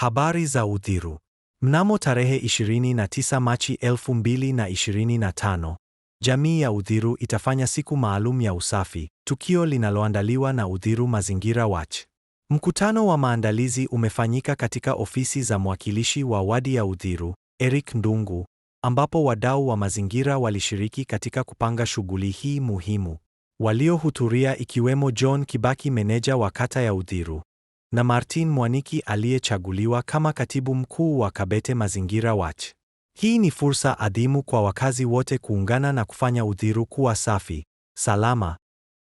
Habari za Uthiru. Mnamo tarehe 29 Machi 2025, jamii ya Uthiru itafanya siku maalum ya usafi, tukio linaloandaliwa na Uthiru Mazingira Watch. Mkutano wa maandalizi umefanyika katika ofisi za mwakilishi wa wadi ya Uthiru, Eric Ndungu, ambapo wadau wa mazingira walishiriki katika kupanga shughuli hii muhimu. Waliohudhuria ikiwemo John Kibaki, meneja wa kata ya Uthiru, na Martin Mwaniki aliyechaguliwa kama katibu mkuu wa Kabete Mazingira Watch. Hii ni fursa adhimu kwa wakazi wote kuungana na kufanya Uthiru kuwa safi, salama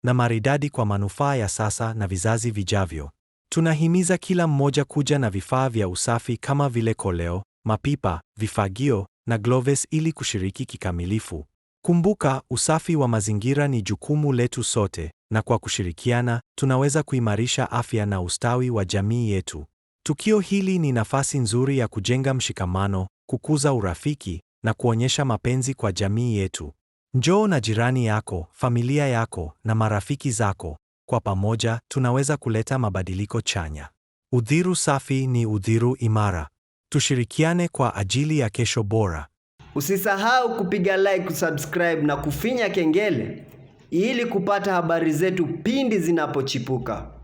na maridadi kwa manufaa ya sasa na vizazi vijavyo. Tunahimiza kila mmoja kuja na vifaa vya usafi kama vile koleo, mapipa, vifagio na gloves ili kushiriki kikamilifu. Kumbuka, usafi wa mazingira ni jukumu letu sote, na kwa kushirikiana, tunaweza kuimarisha afya na ustawi wa jamii yetu. Tukio hili ni nafasi nzuri ya kujenga mshikamano, kukuza urafiki na kuonyesha mapenzi kwa jamii yetu. Njoo na jirani yako, familia yako na marafiki zako. Kwa pamoja, tunaweza kuleta mabadiliko chanya. Udhiru safi ni udhiru imara. Tushirikiane kwa ajili ya kesho bora. Usisahau kupiga like, kusubscribe na kufinya kengele ili kupata habari zetu pindi zinapochipuka.